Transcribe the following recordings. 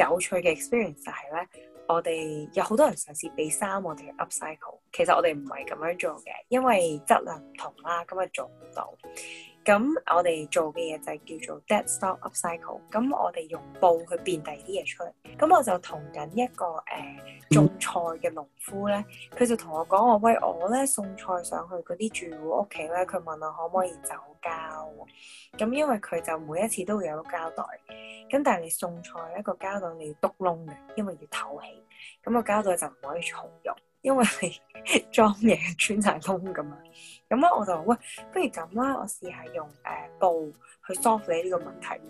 有趣嘅 experience 就係咧，我哋有好多人嘗試俾衫我哋去 upcycle，其實我哋唔係咁樣做嘅，因為質量唔同啦，咁咪做唔到。咁我哋做嘅嘢就係叫做 dead stock upcycle。咁我哋用布去變第二啲嘢出嚟。咁我就同緊一個誒、呃、種菜嘅農夫咧，佢就同我講話，喂，我咧送菜上去嗰啲住戶屋企咧，佢問我可唔可以走膠。咁因為佢就每一次都會有個膠袋。咁但係你送菜一個膠袋你要篤窿嘅，因為要透氣。咁、那個膠袋就唔可以重用，因為係 裝嘢穿晒窿㗎嘛。咁咧我就喂，不如咁啦，我試下用誒、呃、布去 solve 你呢個問題。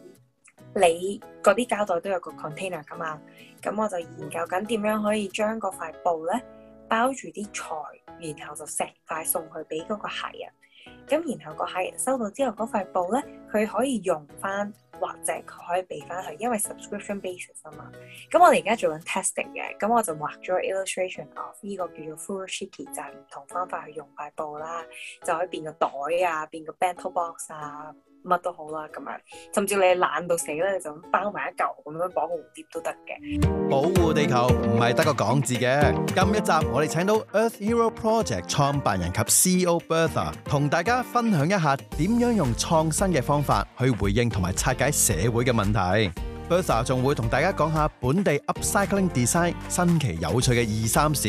你嗰啲膠袋都有個 container 㗎嘛，咁我就研究緊點樣可以將嗰塊布咧包住啲材，然後就成塊送去俾嗰個客人。咁然後個客人收到之後嗰塊布咧，佢可以用翻，或者佢可以俾翻佢，因為 subscription basis 啊嘛。咁我哋而家做緊 testing 嘅，咁我就畫咗 illustration of 呢個叫做 furoshiki，就係唔同方法去用塊布啦，就可以變個袋啊，變個 bento box 啊。乜都好啦，咁樣甚至你懶到死咧，你就咁包埋一嚿咁樣，綁個蝴蝶都得嘅。保護地球唔係得個講字嘅。今一集我哋請到 Earth Hero Project 創辦人及 CEO Bertha 同大家分享一下點樣用創新嘅方法去回應同埋拆解社會嘅問題。Bertha 仲會同大家講下本地 upcycling design 新奇有趣嘅二三事。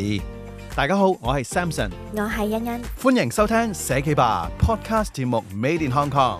大家好，我係 Samson，我係欣欣，歡迎收聽社企吧 Podcast 節目，Made in Hong Kong。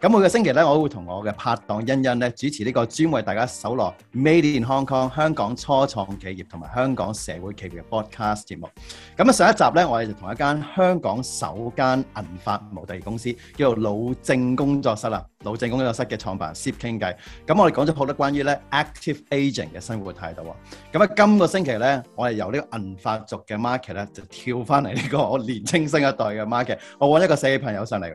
咁每個星期咧，我會同我嘅拍檔欣欣咧主持呢個專門為大家搜羅 Made in Hong Kong 香港初創企業同埋香港社會企業嘅 Podcast 節目。咁咧上一集咧，我哋就同一間香港首間銀髮模特兒公司叫做老正工作室啦，老正工作室嘅創辦人傾偈，咁我哋講咗好多關於咧 active ageing 嘅生活態度喎。咁咧今個星期咧，我哋由呢個銀髮族嘅 market 咧就跳翻嚟呢個我年青新一代嘅 market。我揾一個社企朋友上嚟。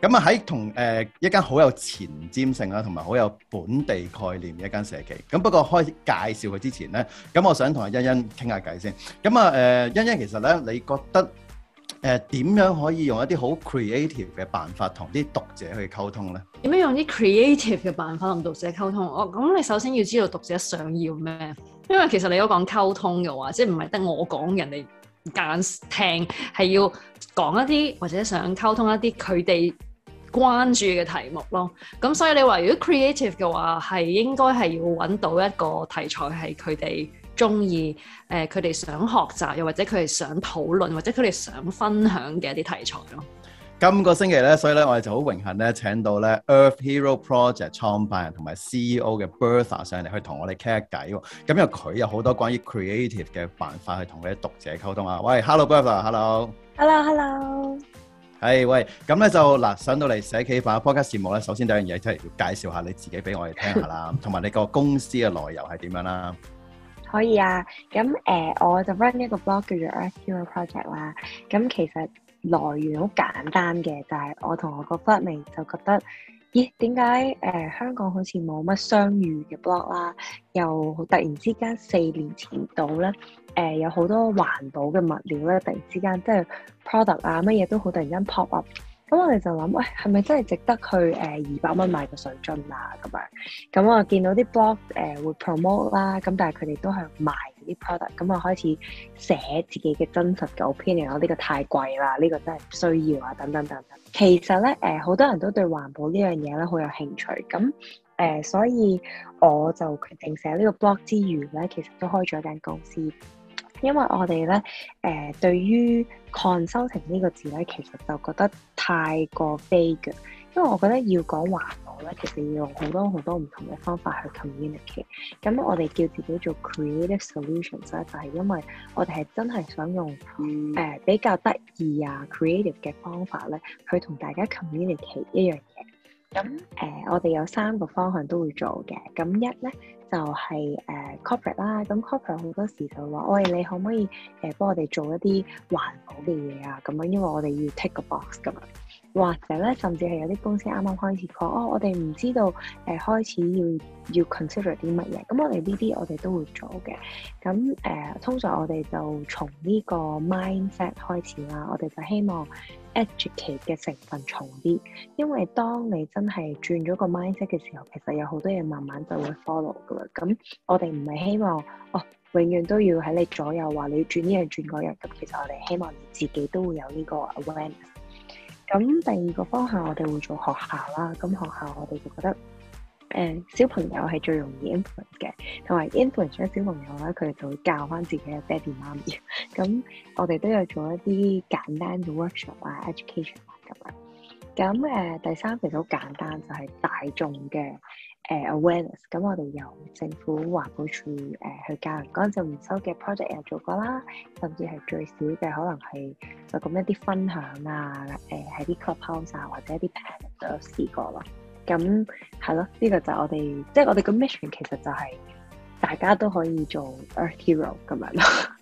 咁啊喺同誒一間好有前瞻性啦，同埋好有本地概念嘅一間社企。咁不過開始介紹佢之前咧，咁、嗯、我想同阿欣欣傾下偈先。咁啊誒，欣欣其實咧，你覺得誒點、呃、樣可以用一啲好 creative 嘅辦法同啲讀者去溝通咧？點樣用啲 creative 嘅辦法同讀者溝通？我咁你首先要知道讀者想要咩，因為其實你都講溝通嘅話，即係唔係得我講人哋夾硬聽，係要講一啲或者想溝通一啲佢哋。關注嘅題目咯，咁所以你話如果 creative 嘅話，係應該係要揾到一個題材係佢哋中意，誒佢哋想學習，又或者佢哋想討論，或者佢哋想分享嘅一啲題材咯。今個星期咧，所以咧我哋就好榮幸咧請到咧 Earth Hero Project 創辦人同埋 CEO 嘅 Bertha 上嚟去同我哋傾下偈喎。咁因為佢有好多關於 creative 嘅辦法去同佢啲讀者溝通啊。喂，Hello Bertha，Hello，Hello，Hello。Hello, hello. 係喂，咁咧就嗱上到嚟社企化 Podcast 節目咧，首先第一樣嘢即係要介紹下你自己俾我哋聽下啦，同埋 你個公司嘅來由係點樣啦？ 可以啊，咁誒、呃、我就 run 一個 blog 叫做 Earth Hero Project 啦，咁其實來源好簡單嘅，就係、是、我同我個 family 就覺得。咦？點解誒香港好似冇乜相遇嘅 blog 啦？又突然之間四年前到咧，誒、呃、有好多環保嘅物料咧，突然之間即係 product 啊乜嘢都好，突然間 pop up。咁我哋就諗，喂，係咪真係值得去誒二百蚊買個水樽啊？咁樣，咁我見到啲 blog 誒、呃、會 promote 啦，咁但係佢哋都係賣。啲 product 咁我開始寫自己嘅真實嘅 opinion 咯、哦，呢、這個太貴啦，呢、這個真係唔需要啊等等等等。其實咧，誒、呃、好多人都對環保呢樣嘢咧好有興趣，咁誒、呃、所以我就決定寫呢個 blog 之餘咧，其實都開咗一間公司，因為我哋咧誒對於 consulting 呢個字咧，其實就覺得太過悲嘅。因為我覺得要講環保咧，其實要用好多好多唔同嘅方法去 communicate。咁我哋叫自己做 Creative Solutions 啦、啊，就係、是、因為我哋係真係想用誒、嗯呃、比較得意啊 creative 嘅方法咧，去同大家 communicate 一樣嘢。咁誒、嗯呃，我哋有三個方向都會做嘅。咁一咧就係誒 Corporate 啦。咁、呃、Corporate 好、啊、Corpor 多時就話：喂，你可唔可以誒、呃、幫我哋做一啲環保嘅嘢啊？咁樣，因為我哋要 take 個 box 咁樣。或者咧，甚至係有啲公司啱啱開始講，哦，我哋唔知道，誒、呃，開始要要 consider 啲乜嘢？咁我哋呢啲，我哋都會做嘅。咁誒、呃，通常我哋就從呢個 mindset 開始啦。我哋就希望 educate 嘅成分重啲，因為當你真係轉咗個 mindset 嘅時候，其實有好多嘢慢慢就會 follow 噶啦。咁我哋唔係希望哦，永遠都要喺你左右話你轉呢樣轉嗰樣。咁其實我哋希望自己都會有呢個 awareness。咁第二個方向我哋會做學校啦，咁學校我哋就覺得，誒、呃、小朋友係最容易 influence 嘅，同埋 influence 咗小朋友咧，佢哋就會教翻自己嘅爹哋媽咪。咁我哋都有做一啲簡單嘅 workshop 啊，education 啊咁啊。咁誒、呃，第三其實好簡單，就係、是、大眾嘅。誒、uh, awareness，咁我哋由政府環保處誒、uh, 去教人乾淨回收嘅 project 又做過啦，甚至係最少嘅可能係就咁一啲分享啊，誒、uh, 喺啲 clubhouse 啊或者一啲 partners 都有試過咯，咁係咯，呢、呢個就我哋即係我哋嘅 mission 其實就係大家都可以做 earth hero 咁樣咯。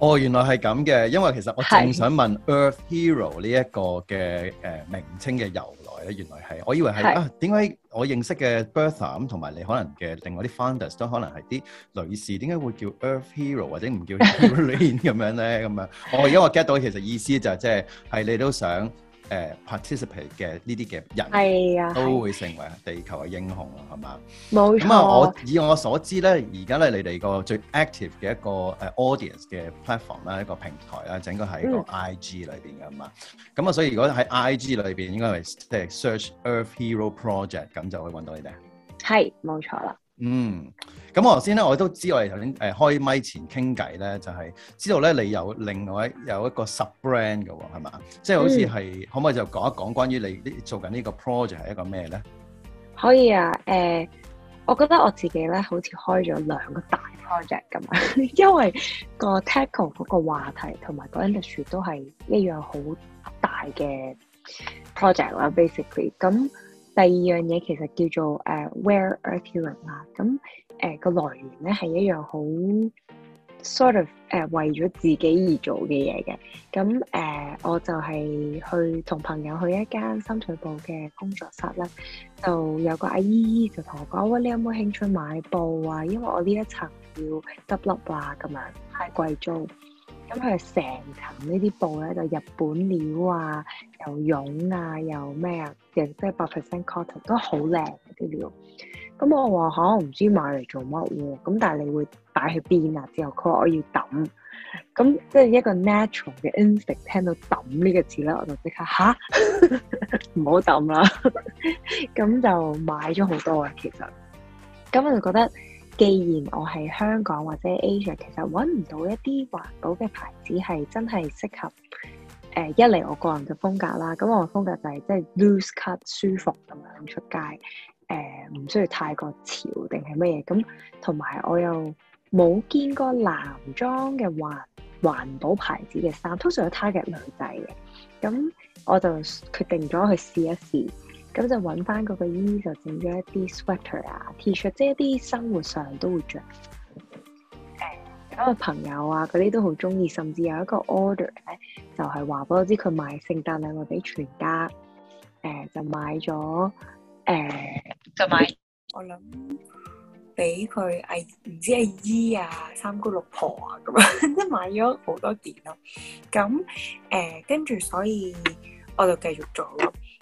哦，原來係咁嘅，因為其實我仲想問 Earth Hero 呢一個嘅誒、呃、名稱嘅由來咧，原來係，我以為係是啊，點解我認識嘅 Bertha 咁同埋你可能嘅另外啲 founders 都可能係啲女士，點解會叫 Earth Hero 或者唔叫 Helen 咁 樣咧？咁樣，我而、哦、家我 get 到其實意思就係即係係你都想。誒、呃、participate 嘅呢啲嘅人，係啊，都會成為地球嘅英雄，係嘛？冇錯。咁啊，我以我所知咧，而家咧你哋個最 active 嘅一個誒 audience 嘅 platform 啦，一個平台啦，整個喺個 IG 裏邊嘅嘛。咁啊、嗯，所以如果喺 IG 裏邊，應該係即 search Earth Hero Project，咁就可以揾到你哋。係，冇錯啦。嗯。咁我頭先咧，我都知我哋頭先誒開麥前傾偈咧，就係、是、知道咧你有另外有一個 sub brand 嘅喎，係嘛？即、就、係、是、好似係，嗯、可唔可以就講一講關於你做緊呢個 project 係一個咩咧？可以啊，誒、呃，我覺得我自己咧好似開咗兩個大 project 咁，因為個 technical、嗰個話題同埋個 industry 都係一樣好大嘅 project 啦，basically 咁。第二樣嘢其實叫做誒 wear artiwork 啦，咁誒個來源咧係一樣好 sort of 誒、呃、為咗自己而做嘅嘢嘅，咁誒、呃、我就係去同朋友去一間深水埗嘅工作室啦，就有個阿姨就同我講，喂，你有冇興趣買布啊？因為我呢一層要執笠啊，咁樣太貴租。咁佢成層呢啲布咧，就日本料啊，又絨啊，又咩啊，其實即係百 percent cotton 都好靚啲料。咁我話嚇，唔、嗯、知買嚟做乜嘢？咁但係你會戴去邊啊？之後佢話我要揼。咁即係一個 natural 嘅 instinct，聽到揼呢個字咧，我就即刻吓：「唔好揼啦。」咁 就買咗好多啊，其實。咁我就覺得。既然我喺香港或者 Asia，其實揾唔到一啲環保嘅牌子係真係適合誒、呃、一嚟我個人嘅風格啦。咁我風格就係即係 loose cut 舒服咁樣出街，誒、呃、唔需要太過潮定係乜嘢。咁同埋我又冇見過男裝嘅環環保牌子嘅衫，通常都係 target 女仔嘅。咁我就決定咗去試一試。咁就揾翻嗰個姨就整咗一啲 sweater 啊、T 恤，即係一啲生活上都會着。誒，有個朋友啊，嗰啲都好中意，甚至有一個 order 咧，就係話俾我知佢買聖誕禮物俾全家。誒、呃，就買咗誒，就、呃、買。我諗俾佢，哎，唔知阿姨啊、三姑六婆啊，咁即係買咗好多件咯。咁誒，跟、呃、住所以我就繼續做咯。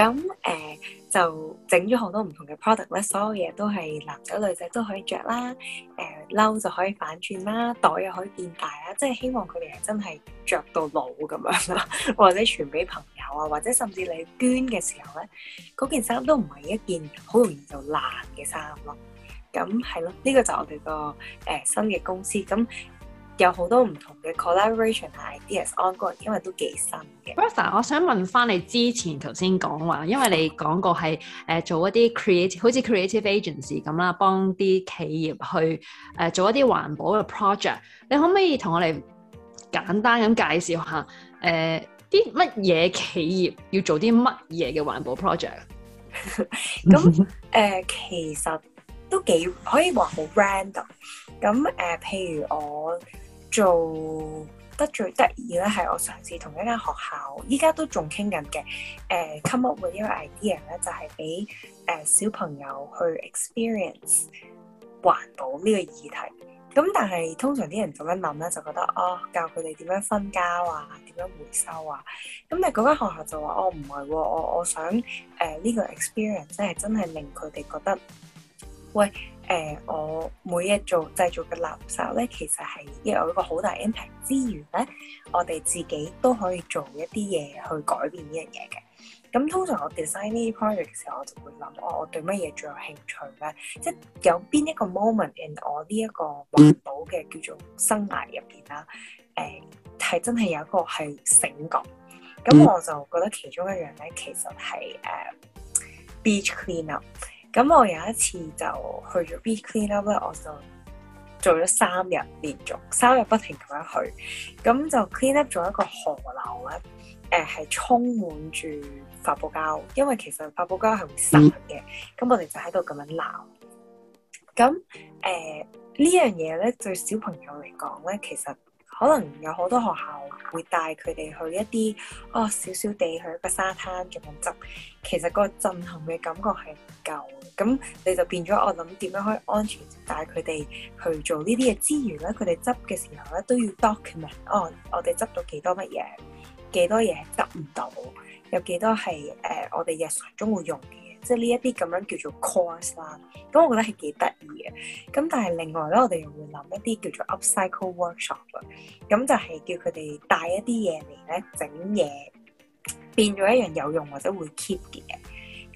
咁誒，就整咗好多唔同嘅 product 咧，所有嘢都係男仔女仔都可以着啦，誒，褸就可以反轉啦，袋又可以變大啦，即係希望佢哋係真係着到老咁樣咯，或者傳俾朋友啊，或者甚至你捐嘅時候咧，嗰件衫都唔係一件好容易就爛嘅衫咯。咁係咯，呢個就係我哋個誒新嘅公司咁。有好多唔同嘅 collaboration ideas，ongoing，因為都幾新嘅。b r 我想問翻你之前頭先講話，因為你講過係誒、呃、做一啲 creative，好似 creative agency 咁啦，幫啲企業去誒、呃、做一啲環保嘅 project。你可唔可以同我哋簡單咁介紹下誒啲乜嘢企業要做啲乜嘢嘅環保 project？咁誒其實都幾可以話好 random。咁、呃、誒譬如我。做得最得意咧，係我上次同一間學校，依家都仲傾緊嘅。誒、uh，come up with 呢個 idea 咧，就係俾誒小朋友去 experience 環保呢個議題。咁但係通常啲人咁樣諗咧，就覺得哦，教佢哋點樣分家啊，點樣回收啊。咁但係嗰間學校就話：哦，唔係、啊，我我想誒呢、uh, 個 experience 即係真係令佢哋覺得喂。誒、呃，我每日做製造嘅垃圾咧，其實係有一個好大 impact 之餘咧，我哋自己都可以做一啲嘢去改變呢樣嘢嘅。咁通常我 design 呢啲 project 嘅時候，我就會諗我、哦、我對乜嘢最有興趣咧？即係有邊一個 moment 喺我呢一個環保嘅叫做生涯入邊啦？誒、呃，係真係有一個係醒覺。咁我就覺得其中一樣咧，其實係誒、呃、beach clean up。咁我有一次就去咗 be clean up 咧，我就做咗三日連續，三日不停咁樣去，咁就 clean up 咗一個河流咧，誒、呃、係充滿住發泡膠，因為其實發泡膠係會散嘅，咁、嗯、我哋就喺度咁樣鬧，咁誒、呃這個，呢樣嘢咧對小朋友嚟講咧，其實。可能有好多學校會帶佢哋去一啲哦，少少地去一個沙灘咁樣執，其實個震撼嘅感覺係唔夠嘅。咁你就變咗我諗點樣可以安全帶佢哋去做呢啲嘅之源資源？咧佢哋執嘅時候咧都要 document 哦，我哋執到幾多乜嘢，幾多嘢係執唔到，有幾多係誒、呃、我哋日常中會用嘅。即係呢一啲咁樣叫做 course 啦，咁我覺得係幾得意嘅。咁但係另外咧，我哋又會諗一啲叫做 upcycle workshop 啊，咁就係叫佢哋帶一啲嘢嚟咧整嘢，變咗一樣有用或者會 keep 嘅嘢。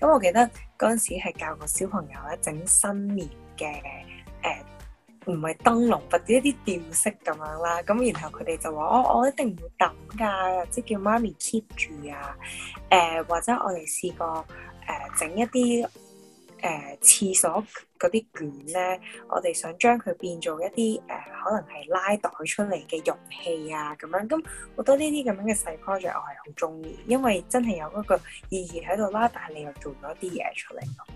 咁我記得嗰陣時係教個小朋友咧整新年嘅誒，唔係燈籠或者一啲吊飾咁樣啦。咁然後佢哋就話：我、哦、我一定唔會抌㗎，即係叫媽咪 keep 住啊。誒、呃、或者我哋試過。誒，整、呃、一啲誒廁所嗰啲卷咧，我哋想將佢變做一啲誒、呃，可能係拉袋出嚟嘅容器啊，咁樣咁，好多呢啲咁樣嘅細 project，我係好中意，因為真係有嗰個意義喺度啦。但係你又做咗啲嘢出嚟咯。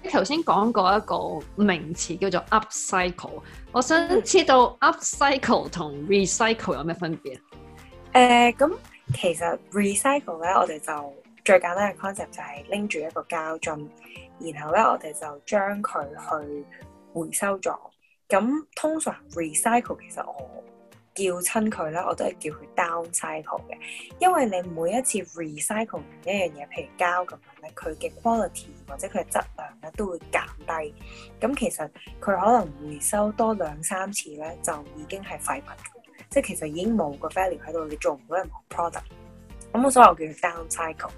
你頭先講過一個名詞叫做 upcycle，我想知道 upcycle 同 recycle 有咩分別？誒、嗯、咁、呃嗯、其實 recycle 咧，我哋就。最簡單嘅 concept 就係拎住一個膠樽，然後咧我哋就將佢去回收咗。咁通常 recycle 其實我叫親佢咧，我都係叫佢 downcycle 嘅，因為你每一次 recycle 一樣嘢，譬如膠咁樣咧，佢嘅 quality 或者佢嘅質量咧都會減低。咁其實佢可能回收多兩三次咧，就已經係廢品，即係其實已經冇個 value 喺度，你做唔到任何 product。咁、嗯、所以我叫 downcycle。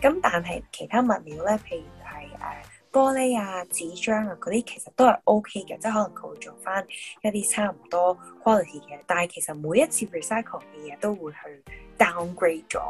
咁但係其他物料咧，譬如係誒玻璃啊、紙張啊嗰啲，其實都係 OK 嘅，即係可能佢會做翻一啲差唔多 quality 嘅。但係其實每一次 recycle 嘅嘢都會去 downgrade 咗。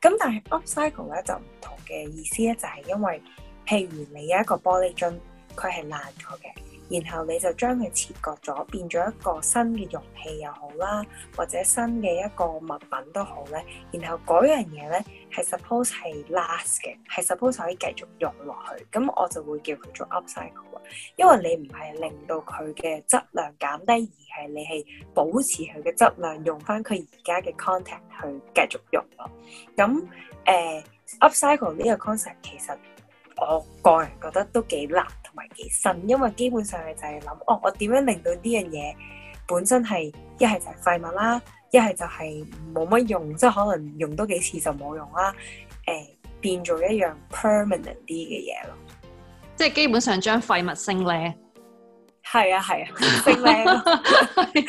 咁但係 upcycle 咧就唔同嘅意思咧，就係因為譬如你有一個玻璃樽，佢係爛咗嘅。然後你就將佢切割咗，變咗一個新嘅容器又好啦，或者新嘅一個物品都好咧。然後嗰樣嘢咧係 suppose 係 last 嘅，係 suppose 可以繼續用落去。咁我就會叫佢做 upcycle，因為你唔係令到佢嘅質量減低，而係你係保持佢嘅質量，用翻佢而家嘅 content 去繼續用咯。咁誒、呃，upcycle 呢個 concept 其實我個人覺得都幾難。唔係幾深，因為基本上係就係諗，哦，我點樣令到呢樣嘢，本身係一係就係廢物啦，一係就係冇乜用，即係可能用多幾次就冇用啦，誒、呃，變做一樣 permanent 啲嘅嘢咯，即係基本上將廢物升呢。係啊係啊，剩命！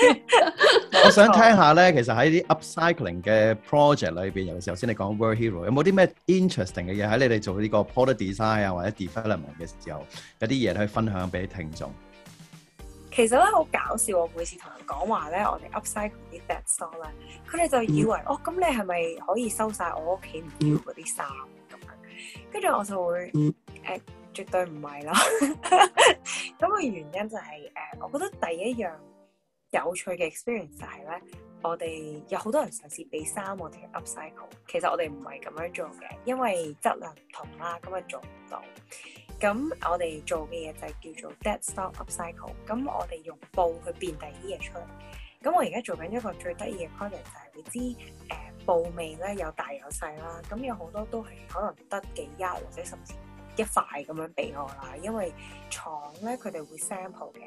我想聽下咧，其實喺啲 upcycling 嘅 project 裏邊，尤其是頭先你講 world hero，有冇啲咩 interesting 嘅嘢喺你哋做呢個 product design 啊或者 development 嘅時候，有啲嘢可以分享俾聽眾？其實咧，好搞笑，我每次同人講話咧，我哋 upcycle 啲 dead stock 啦，佢哋就以為哦，咁你係咪可以收曬我屋企唔要嗰啲衫咁樣？跟住我就會誒。絕對唔係啦，咁個原因就係、是、誒，我覺得第一樣有趣嘅 experience 就係咧，我哋有好多人嘗試俾衫我哋嘅 upcycle，其實我哋唔係咁樣做嘅，因為質量唔同啦，咁啊做唔到。咁我哋做嘅嘢就係叫做 dead stock upcycle，咁我哋用布去變第二啲嘢出嚟。咁我而家做緊一個最得意嘅 project 就係啲誒布尾咧，有大有細啦，咁有好多都係可能得幾一或者甚至，一塊咁樣俾我啦，因為廠咧佢哋會 sample 嘅，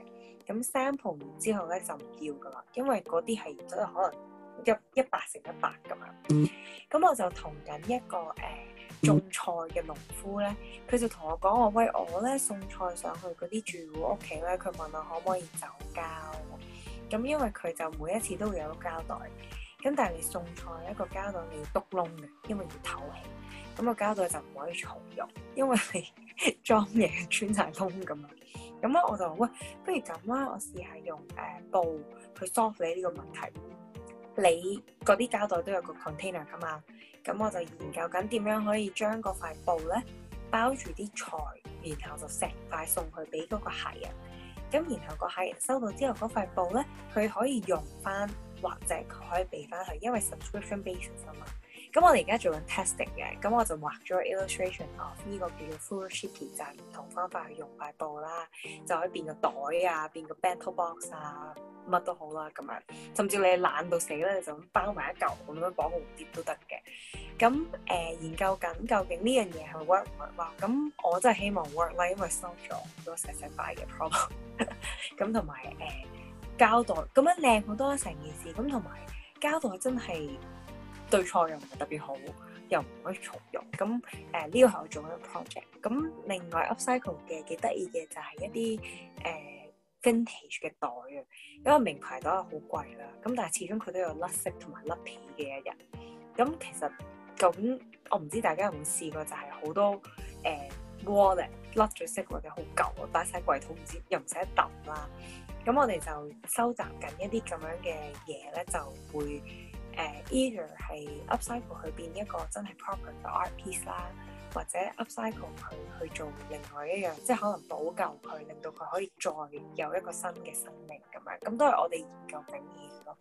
咁 sample 完之後咧就唔要噶啦，因為嗰啲係都可能一一百乘一百咁樣。咁、嗯、我就同緊一個誒、呃、種菜嘅農夫咧，佢就同我講我，喂我咧送菜上去嗰啲住戶屋企咧，佢問我可唔可以走膠，咁因為佢就每一次都會有膠袋。咁但係你送菜，一個膠袋你要篤窿嘅，因為要透氣。咁個膠袋就唔可以重用，因為你 裝嘢穿晒窿咁啊！咁啊，我就話喂，不如咁啦，我試下用誒、呃、布去 solve 你呢個問題。你嗰啲膠袋都有個 container 㗎嘛？咁我就研究緊點樣可以將嗰塊布咧包住啲菜，然後就成塊送去俾嗰個客人。咁然後個客人收到之後，嗰塊布咧佢可以用翻。或者佢可以俾翻佢，因為 subscription basis 啊嘛。咁我哋而家做緊 testing 嘅，咁我就畫咗 illustration of 呢個叫做 full shipping，就係唔同方法去用塊布啦，就可以變個袋啊，變個 battle box 啊，乜都好啦咁樣。甚至你懶到死咧，你就包埋一嚿咁樣綁蝴蝶都得嘅。咁誒、呃、研究緊究竟呢樣嘢係 work 唔 work？咁我真係希望 work 啦，因為收咗好多石石塊嘅 problem。咁同埋誒。呃膠袋咁樣靚好多成件事，咁同埋膠袋真係對錯又唔特別好，又唔可以重用。咁誒呢個係我做緊嘅 project。咁另外 upcycle 嘅幾得意嘅就係一啲誒、呃、vintage 嘅袋啊，因為名牌袋係好貴啦。咁但係始終佢都有甩色同埋甩皮嘅一日。咁其實咁我唔知大家有冇試過，就係、是、好多誒、呃、wallet 甩咗色或者好舊啊，擺晒櫃桶，唔知又唔使揼抌啦。咁我哋就收集緊一啲咁樣嘅嘢咧，就會誒，either、呃、係 upcycle 去變一個真係 proper 嘅 IP 啦，或者 upcycle 佢去做另外一樣，即係可能補救佢，令到佢可以再有一個新嘅生命咁樣。咁都係我哋研究緊嘅嘢咯。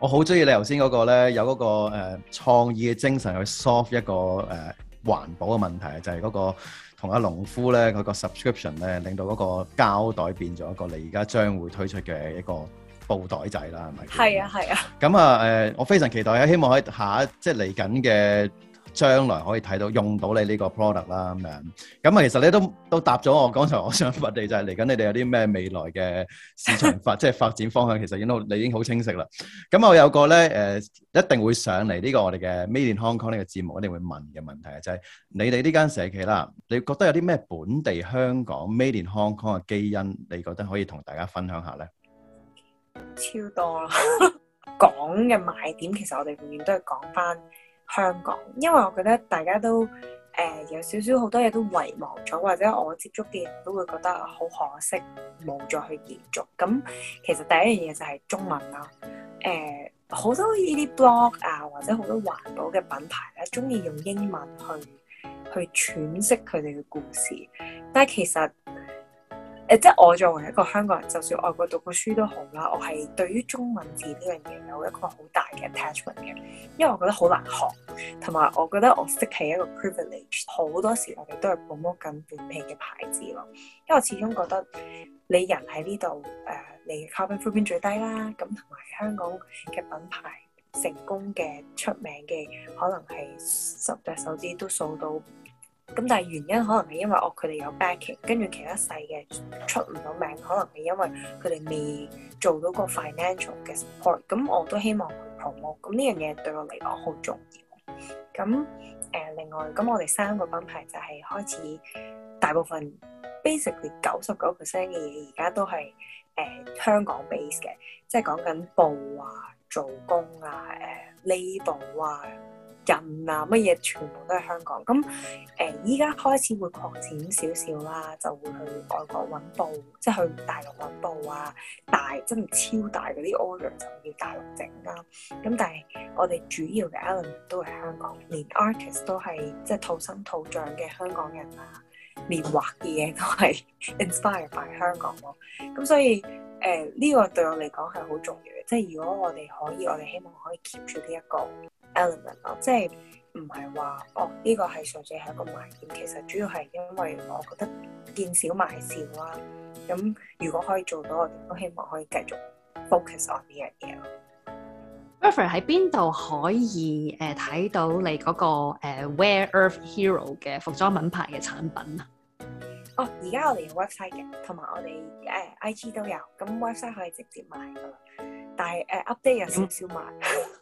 我好鍾意你頭先嗰個咧，有嗰、那個誒創、呃、意嘅精神去 solve 一個誒。呃環保嘅問題就係嗰個同阿農夫咧嗰個 subscription 咧，令到嗰個膠袋變咗一個你而家將會推出嘅一個布袋仔啦，係咪？係啊，係啊。咁啊，誒、呃，我非常期待啊，希望喺下一，即係嚟緊嘅。將來可以睇到用到你呢個 product 啦咁樣，咁、嗯、啊其實咧都都答咗我剛才我想問你，就係嚟緊你哋有啲咩未來嘅市場發 即係發展方向，其實已經好你已經好清晰啦。咁我有個咧誒、呃、一定會上嚟呢個我哋嘅 Made in Hong Kong 呢個節目一定會問嘅問題，就係、是、你哋呢間社企啦，你覺得有啲咩本地香港 Made in Hong Kong 嘅基因，你覺得可以同大家分享下咧？超多啦！講嘅賣點其實我哋永遠都係講返。香港，因為我覺得大家都誒、呃、有少少好多嘢都遺忘咗，或者我接觸嘅人都會覺得好可惜，冇再去延續。咁其實第一樣嘢就係中文啦，誒、呃、好多呢啲 blog 啊，或者好多環保嘅品牌咧，鍾意用英文去去詮釋佢哋嘅故事，但係其實。誒，即係我作為一個香港人，就算外國讀過書都好啦，我係對於中文字呢樣嘢有一個好大嘅 attachment 嘅，因為我覺得好難學，同埋我覺得我識起一個 privilege，好多時我哋都係幫襯緊本平嘅牌子咯，因為我始終覺得你人喺呢度誒，你 carbon fee 最低啦，咁同埋香港嘅品牌成功嘅出名嘅，可能係十隻手指都數到。咁但係原因可能係因為哦佢哋有 backing，跟住其他細嘅出唔到名，可能係因為佢哋未做到嗰 financial 嘅 support。咁我都希望佢 promo。咁呢樣嘢對我嚟講好重要。咁誒、呃、另外，咁我哋三個品牌就係開始大部分 basically 九十九 percent 嘅嘢而家都係誒、呃、香港 base 嘅，即係講緊布啊、做工啊、誒 label 啊。人啊，乜嘢全部都係香港。咁誒，依家開始會擴展少少啦，就會去外國揾布，即係去大陸揾布啊。大真係超大嗰啲 order 就要大陸整啦、啊。咁但係我哋主要嘅 element 都係香港，連 artist 都係即係土生土長嘅香港人啊。連畫嘅嘢都係 inspire by 香港喎。咁所以誒，呢個對我嚟講係好重要嘅。即係如果我哋可以，我哋希望可以 keep 住呢一個 element 咯，即係唔係話，哦，呢個係純粹係一個賣點，其實主要係因為我覺得見少賣少啦、啊。咁如果可以做到，我哋都希望可以繼續 focus on 呢樣嘢咯。Raffie 喺邊度可以誒睇、呃、到你嗰、那個誒、呃、Where Earth Hero 嘅服裝品牌嘅產品啊？哦，而家我哋有 website 嘅，同埋我哋誒、呃、IG 都有，咁 website 可以直接買噶啦。但係誒 update 有少少賣。嗯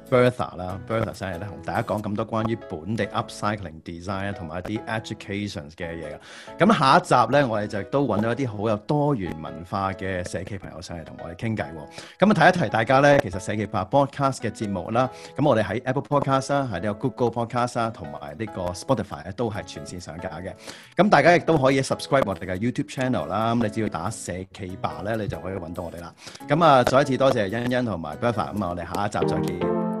Bertha 啦，Bertha 上嚟咧同大家講咁多關於本地 upcycling design 同埋啲 educations 嘅嘢啊。咁下一集咧，我哋就都揾到一啲好有多元文化嘅社企朋友上嚟同我哋傾偈。咁啊，提一提大家咧，其實社企吧 podcast 嘅節目啦，咁我哋喺 Apple Podcast 啊，係呢個 Google Podcast 同埋呢個 Spotify 咧都係全線上架嘅。咁大家亦都可以 subscribe 我哋嘅 YouTube channel 啦。咁你只要打社企吧咧，你就可以揾到我哋啦。咁啊，再一次多謝欣欣欣同埋 Bertha。咁啊，我哋下一集再見。